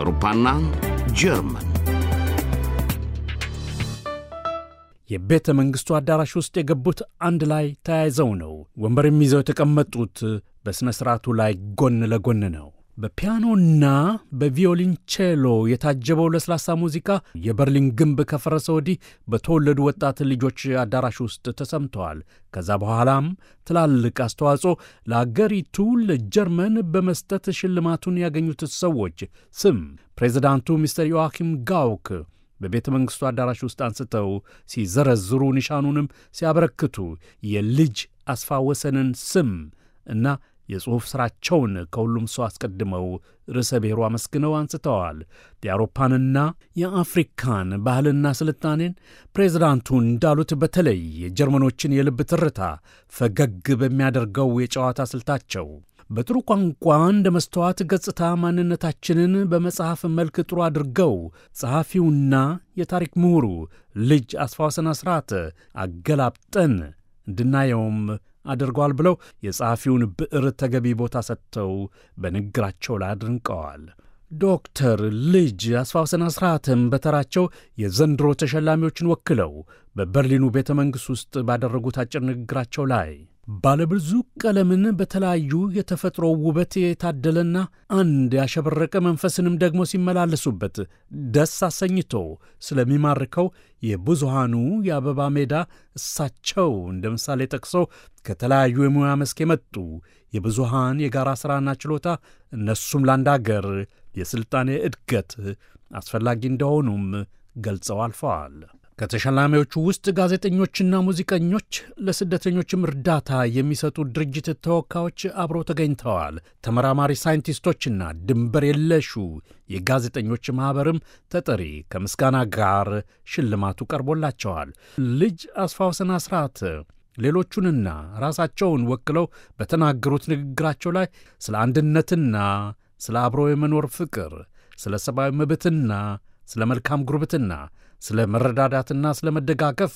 አውሮፓና ጀርመን የቤተ መንግሥቱ አዳራሽ ውስጥ የገቡት አንድ ላይ ተያይዘው ነው። ወንበር ይዘው የተቀመጡት በሥነ ሥርዓቱ ላይ ጎን ለጎን ነው። በፒያኖና በቪዮሊንቼሎ የታጀበው ለስላሳ ሙዚቃ የበርሊን ግንብ ከፈረሰ ወዲህ በተወለዱ ወጣት ልጆች አዳራሽ ውስጥ ተሰምተዋል። ከዛ በኋላም ትላልቅ አስተዋጽኦ ለአገሪቱ ለጀርመን በመስጠት ሽልማቱን ያገኙት ሰዎች ስም ፕሬዚዳንቱ ሚስተር ዮዋኪም ጋውክ በቤተ መንግሥቱ አዳራሽ ውስጥ አንስተው ሲዘረዝሩ፣ ኒሻኑንም ሲያበረክቱ የልጅ አስፋ ወሰንን ስም እና የጽሑፍ ሥራቸውን ከሁሉም ሰው አስቀድመው ርዕሰ ብሔሩ አመስግነው አንስተዋል። የአውሮፓንና የአፍሪካን ባህልና ስልጣኔን ፕሬዝዳንቱ እንዳሉት በተለይ የጀርመኖችን የልብ ትርታ ፈገግ በሚያደርገው የጨዋታ ስልታቸው በጥሩ ቋንቋ እንደ መስተዋት ገጽታ ማንነታችንን በመጽሐፍ መልክ ጥሩ አድርገው ጸሐፊውና የታሪክ ምሁሩ ልጅ አስፋወሰን ሥርዓት አገላብጠን እንድናየውም አድርጓል ብለው የጸሐፊውን ብዕር ተገቢ ቦታ ሰጥተው በንግግራቸው ላይ አድንቀዋል። ዶክተር ልጅ አስፋውሰን አስራትም በተራቸው የዘንድሮ ተሸላሚዎችን ወክለው በበርሊኑ ቤተ መንግሥት ውስጥ ባደረጉት አጭር ንግግራቸው ላይ ባለብዙ ቀለምን በተለያዩ የተፈጥሮ ውበት የታደለና አንድ ያሸበረቀ መንፈስንም ደግሞ ሲመላለሱበት ደስ አሰኝቶ ስለሚማርከው የብዙሃኑ የአበባ ሜዳ እሳቸው እንደ ምሳሌ ጠቅሰው ከተለያዩ የሙያ መስክ የመጡ የብዙሃን የጋራ ሥራና ችሎታ እነሱም ለአንድ አገር የሥልጣኔ እድገት አስፈላጊ እንደሆኑም ገልጸው አልፈዋል። ከተሸላሚዎቹ ውስጥ ጋዜጠኞችና ሙዚቀኞች፣ ለስደተኞችም እርዳታ የሚሰጡ ድርጅት ተወካዮች አብረው ተገኝተዋል። ተመራማሪ ሳይንቲስቶችና ድንበር የለሹ የጋዜጠኞች ማኅበርም ተጠሪ ከምስጋና ጋር ሽልማቱ ቀርቦላቸዋል። ልጅ አስፋውሰን አስራት ሌሎቹንና ራሳቸውን ወክለው በተናገሩት ንግግራቸው ላይ ስለ አንድነትና ስለ አብሮ የመኖር ፍቅር፣ ስለ ሰብአዊ መብትና ስለ መልካም ጉርብትና፣ ስለ መረዳዳትና ስለ መደጋገፍ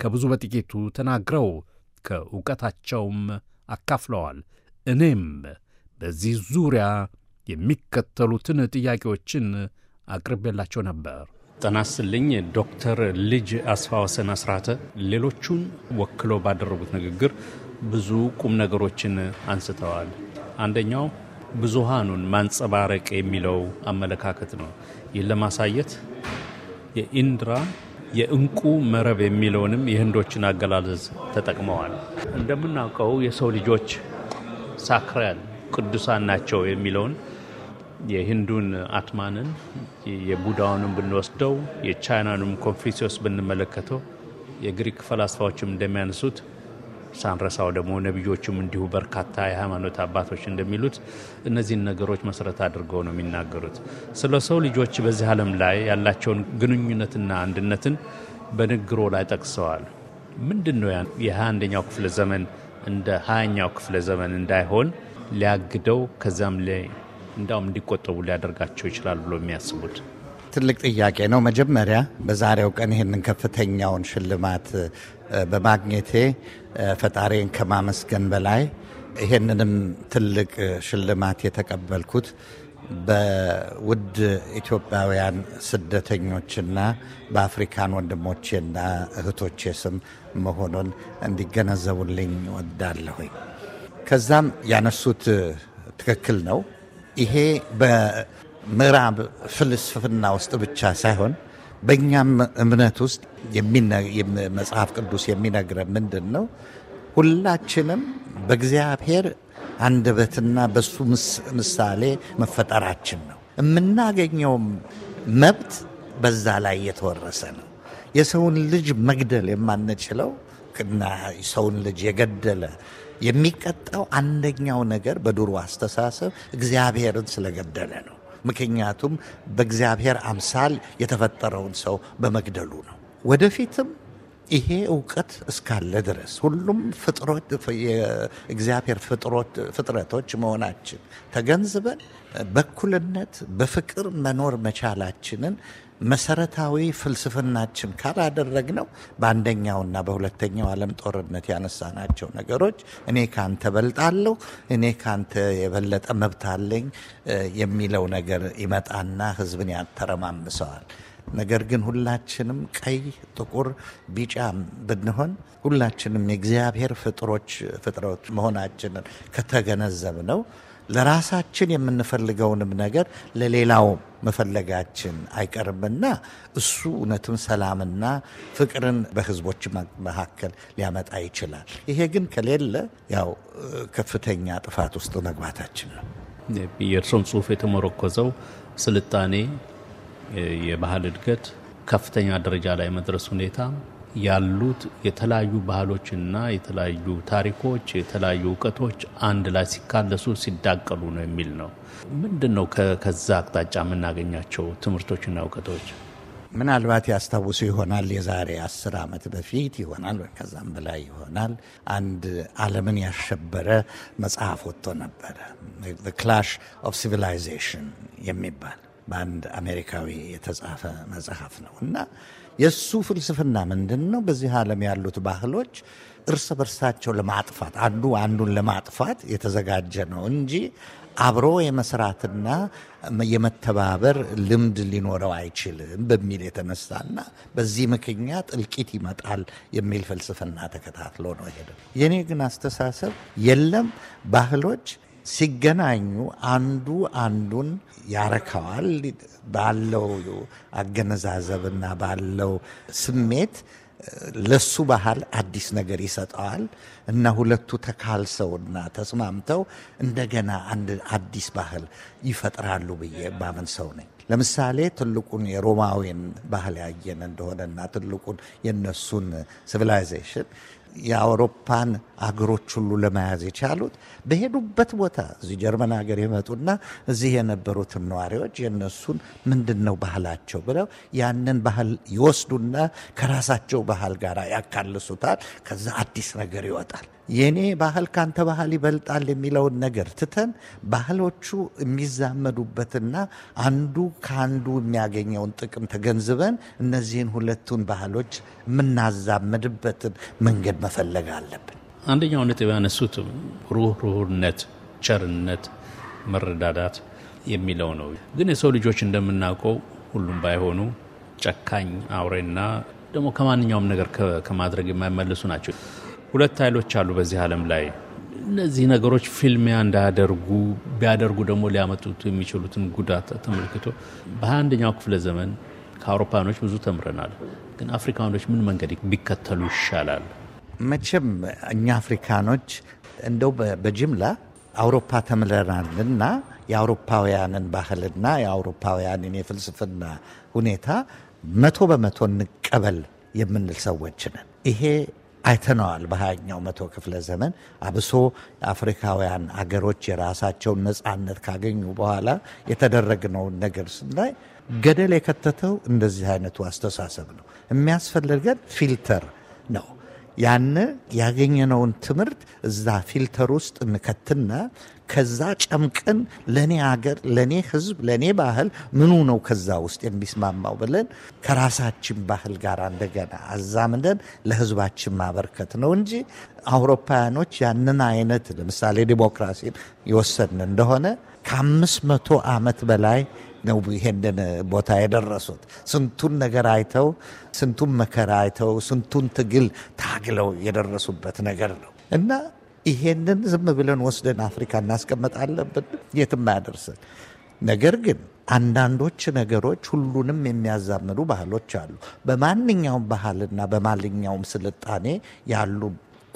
ከብዙ በጥቂቱ ተናግረው ከእውቀታቸውም አካፍለዋል። እኔም በዚህ ዙሪያ የሚከተሉትን ጥያቄዎችን አቅርቤላቸው ነበር። ጠናስልኝ ዶክተር ልጅ አስፋወሰን አስራተ ሌሎቹን ወክሎ ባደረጉት ንግግር ብዙ ቁም ነገሮችን አንስተዋል። አንደኛው ብዙሃኑን ማንጸባረቅ የሚለው አመለካከት ነው። ይህን ለማሳየት የኢንድራ የእንቁ መረብ የሚለውንም የህንዶችን አገላለጽ ተጠቅመዋል። እንደምናውቀው የሰው ልጆች ሳክራል ቅዱሳን ናቸው የሚለውን የሂንዱን አትማንን የቡዳውንም ብንወስደው የቻይናንም ኮንፊሲዮስ ብንመለከተው የግሪክ ፈላስፋዎችም እንደሚያነሱት ሳንረሳው ደግሞ ነቢዮቹም እንዲሁ በርካታ የሃይማኖት አባቶች እንደሚሉት እነዚህን ነገሮች መሰረት አድርገው ነው የሚናገሩት። ስለ ሰው ልጆች በዚህ ዓለም ላይ ያላቸውን ግንኙነትና አንድነትን በንግግሮ ላይ ጠቅሰዋል። ምንድን ነው የ ክፍለ ዘመን እንደ ሃያኛው ክፍለ ዘመን እንዳይሆን ሊያግደው ከዚያም ላይ እንዳውም እንዲቆጠቡ ሊያደርጋቸው ይችላል ብሎ የሚያስቡት ትልቅ ጥያቄ ነው። መጀመሪያ በዛሬው ቀን ይህንን ከፍተኛውን ሽልማት በማግኘቴ ፈጣሪን ከማመስገን በላይ ይህንንም ትልቅ ሽልማት የተቀበልኩት በውድ ኢትዮጵያውያን ስደተኞችና በአፍሪካን ወንድሞቼና እህቶቼ ስም መሆኑን እንዲገነዘቡልኝ ወዳለሁኝ። ከዛም ያነሱት ትክክል ነው። ይሄ ምዕራብ ፍልስፍና ውስጥ ብቻ ሳይሆን በእኛም እምነት ውስጥ መጽሐፍ ቅዱስ የሚነግረን ምንድን ነው? ሁላችንም በእግዚአብሔር አንደበትና በሱ ምሳሌ መፈጠራችን ነው። የምናገኘውም መብት በዛ ላይ የተወረሰ ነው። የሰውን ልጅ መግደል የማንችለው እና ሰውን ልጅ የገደለ የሚቀጣው አንደኛው ነገር በድሮ አስተሳሰብ እግዚአብሔርን ስለገደለ ነው። ምክንያቱም በእግዚአብሔር አምሳል የተፈጠረውን ሰው በመግደሉ ነው። ወደፊትም ይሄ እውቀት እስካለ ድረስ ሁሉም የእግዚአብሔር ፍጥረቶች መሆናችን ተገንዝበን በኩልነት በፍቅር መኖር መቻላችንን መሰረታዊ ፍልስፍናችን ካላደረግ ነው በአንደኛውና በሁለተኛው ዓለም ጦርነት ያነሳናቸው ነገሮች እኔ ካንተ በልጣለሁ፣ እኔ ካንተ የበለጠ መብት አለኝ የሚለው ነገር ይመጣና ህዝብን ያተረማምሰዋል። ነገር ግን ሁላችንም ቀይ፣ ጥቁር፣ ቢጫ ብንሆን ሁላችንም የእግዚአብሔር ፍጥሮች ፍጥሮች መሆናችንን ከተገነዘብ ነው ለራሳችን የምንፈልገውንም ነገር ለሌላውም መፈለጋችን አይቀርምና እሱ እውነትም ሰላምና ፍቅርን በህዝቦች መካከል ሊያመጣ ይችላል። ይሄ ግን ከሌለ ያው ከፍተኛ ጥፋት ውስጥ መግባታችን ነው። የእርሶን ጽሁፍ የተመረኮዘው ስልጣኔ፣ የባህል እድገት ከፍተኛ ደረጃ ላይ መድረስ ሁኔታ ያሉት የተለያዩ ባህሎችና የተለያዩ ታሪኮች፣ የተለያዩ እውቀቶች አንድ ላይ ሲካለሱ ሲዳቀሉ ነው የሚል ነው። ምንድን ነው ከዛ አቅጣጫ የምናገኛቸው ትምህርቶችና እውቀቶች? ምናልባት ያስታውሱ ይሆናል የዛሬ አስር ዓመት በፊት ይሆናል ከዛም በላይ ይሆናል አንድ ዓለምን ያሸበረ መጽሐፍ ወጥቶ ነበረ ክላሽ ኦፍ ሲቪላይዜሽን የሚባል በአንድ አሜሪካዊ የተጻፈ መጽሐፍ ነው እና የእሱ ፍልስፍና ምንድን ነው? በዚህ ዓለም ያሉት ባህሎች እርስ በርሳቸው ለማጥፋት አንዱ አንዱን ለማጥፋት የተዘጋጀ ነው እንጂ አብሮ የመስራትና የመተባበር ልምድ ሊኖረው አይችልም በሚል የተነሳና በዚህ ምክንያት እልቂት ይመጣል የሚል ፍልስፍና ተከታትሎ ነው ሄደ። የኔ ግን አስተሳሰብ የለም ባህሎች ሲገናኙ አንዱ አንዱን ያረከዋል። ባለው አገነዛዘብና ባለው ስሜት ለሱ ባህል አዲስ ነገር ይሰጠዋል እና ሁለቱ ተካልሰውና ተስማምተው እንደገና አንድ አዲስ ባህል ይፈጥራሉ ብዬ ባምን ሰው ነኝ። ለምሳሌ ትልቁን የሮማዊን ባህል ያየን እንደሆነና ትልቁን የነሱን ሲቪላይዜሽን የአውሮፓን አገሮች ሁሉ ለመያዝ የቻሉት በሄዱበት ቦታ እዚህ ጀርመን ሀገር የመጡና እዚህ የነበሩትን ነዋሪዎች የእነሱን ምንድን ነው ባህላቸው ብለው ያንን ባህል ይወስዱና ከራሳቸው ባህል ጋር ያካልሱታል። ከዛ አዲስ ነገር ይወጣል። የኔ ባህል ካንተ ባህል ይበልጣል የሚለውን ነገር ትተን ባህሎቹ የሚዛመዱበትና አንዱ ከአንዱ የሚያገኘውን ጥቅም ተገንዝበን እነዚህን ሁለቱን ባህሎች የምናዛምድበትን መንገድ መፈለግ አለብን። አንደኛው ነጥብ ያነሱት ሩህሩህነት፣ ቸርነት፣ መረዳዳት የሚለው ነው። ግን የሰው ልጆች እንደምናውቀው ሁሉም ባይሆኑ ጨካኝ አውሬና ደግሞ ከማንኛውም ነገር ከማድረግ የማይመልሱ ናቸው። ሁለት ኃይሎች አሉ በዚህ ዓለም ላይ። እነዚህ ነገሮች ፍልሚያ እንዳያደርጉ ቢያደርጉ ደግሞ ሊያመጡት የሚችሉትን ጉዳት ተመልክቶ በ21ኛው ክፍለ ዘመን ከአውሮፓኖች ብዙ ተምረናል። ግን አፍሪካኖች ምን መንገድ ቢከተሉ ይሻላል? መቼም እኛ አፍሪካኖች እንደው በጅምላ አውሮፓ ተምረናልና የአውሮፓውያንን ባህልና የአውሮፓውያንን የፍልስፍና ሁኔታ መቶ በመቶ እንቀበል የምንል ሰዎች ነን። ይሄ አይተነዋል። በሃያኛው መቶ ክፍለ ዘመን አብሶ አፍሪካውያን አገሮች የራሳቸውን ነጻነት ካገኙ በኋላ የተደረግነውን ነገር ስናይ ገደል የከተተው እንደዚህ አይነቱ አስተሳሰብ ነው። የሚያስፈልገን ፊልተር ነው። ያን ያገኘነውን ትምህርት እዛ ፊልተር ውስጥ እንከትና ከዛ ጨምቀን ለእኔ ሀገር፣ ለእኔ ህዝብ ለእኔ ባህል ምኑ ነው ከዛ ውስጥ የሚስማማው ብለን ከራሳችን ባህል ጋር እንደገና አዛምደን ለህዝባችን ማበርከት ነው እንጂ አውሮፓውያኖች ያንን አይነት ለምሳሌ ዲሞክራሲን የወሰድን እንደሆነ ከአምስት መቶ ዓመት በላይ ነው ይሄንን ቦታ የደረሱት። ስንቱን ነገር አይተው፣ ስንቱን መከራ አይተው፣ ስንቱን ትግል ታግለው የደረሱበት ነገር ነው እና ይሄንን ዝም ብለን ወስደን አፍሪካ እናስቀምጣለብን የትም አያደርሰን። ነገር ግን አንዳንዶች ነገሮች ሁሉንም የሚያዛምዱ ባህሎች አሉ። በማንኛውም ባህልና በማንኛውም ስልጣኔ ያሉ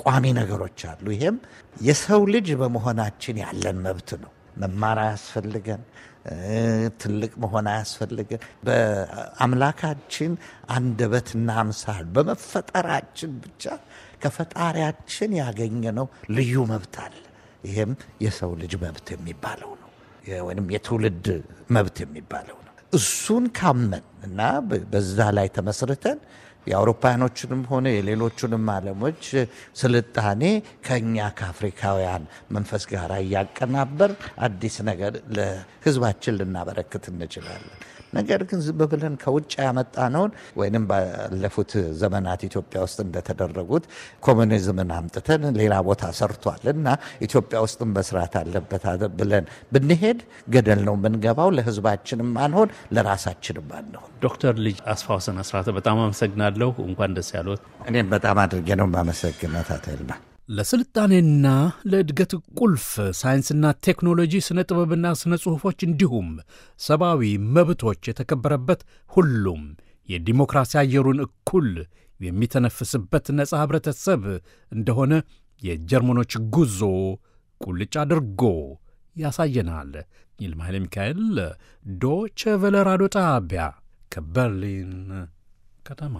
ቋሚ ነገሮች አሉ። ይሄም የሰው ልጅ በመሆናችን ያለን መብት ነው። መማር አያስፈልገን ትልቅ መሆን አያስፈልግም። በአምላካችን አንደበትና አምሳል በመፈጠራችን ብቻ ከፈጣሪያችን ያገኘነው ልዩ መብት አለ። ይህም የሰው ልጅ መብት የሚባለው ነው፣ ወይም የትውልድ መብት የሚባለው ነው። እሱን ካመን እና በዛ ላይ ተመስርተን የአውሮፓውያኖችንም ሆነ የሌሎቹንም ዓለሞች ስልጣኔ ከእኛ ከአፍሪካውያን መንፈስ ጋር እያቀናበር አዲስ ነገር ለሕዝባችን ልናበረክት እንችላለን። ነገር ግን ዝም ብለን ከውጭ ያመጣነውን ወይም ባለፉት ዘመናት ኢትዮጵያ ውስጥ እንደተደረጉት ኮሚኒዝምን አምጥተን ሌላ ቦታ ሰርቷል እና ኢትዮጵያ ውስጥም መስራት አለበት ብለን ብንሄድ ገደል ነው የምንገባው። ለህዝባችንም አንሆን፣ ለራሳችንም አንሆን። ዶክተር ልጅ አስፋውሰን አስራተ በጣም አመሰግናለሁ። እንኳን ደስ ያሉት። እኔም በጣም አድርጌ ነው ማመሰግናት አቶ ይልማ ለስልጣኔና ለእድገት ቁልፍ ሳይንስና ቴክኖሎጂ፣ ስነ ጥበብና ስነ ጽሑፎች እንዲሁም ሰብአዊ መብቶች የተከበረበት ሁሉም የዲሞክራሲ አየሩን እኩል የሚተነፍስበት ነጻ ኅብረተሰብ እንደሆነ የጀርመኖች ጉዞ ቁልጭ አድርጎ ያሳየናል። ይልማ ኃይለ ሚካኤል ዶቼ ቬለ ራዲዮ ጣቢያ ከበርሊን ከተማ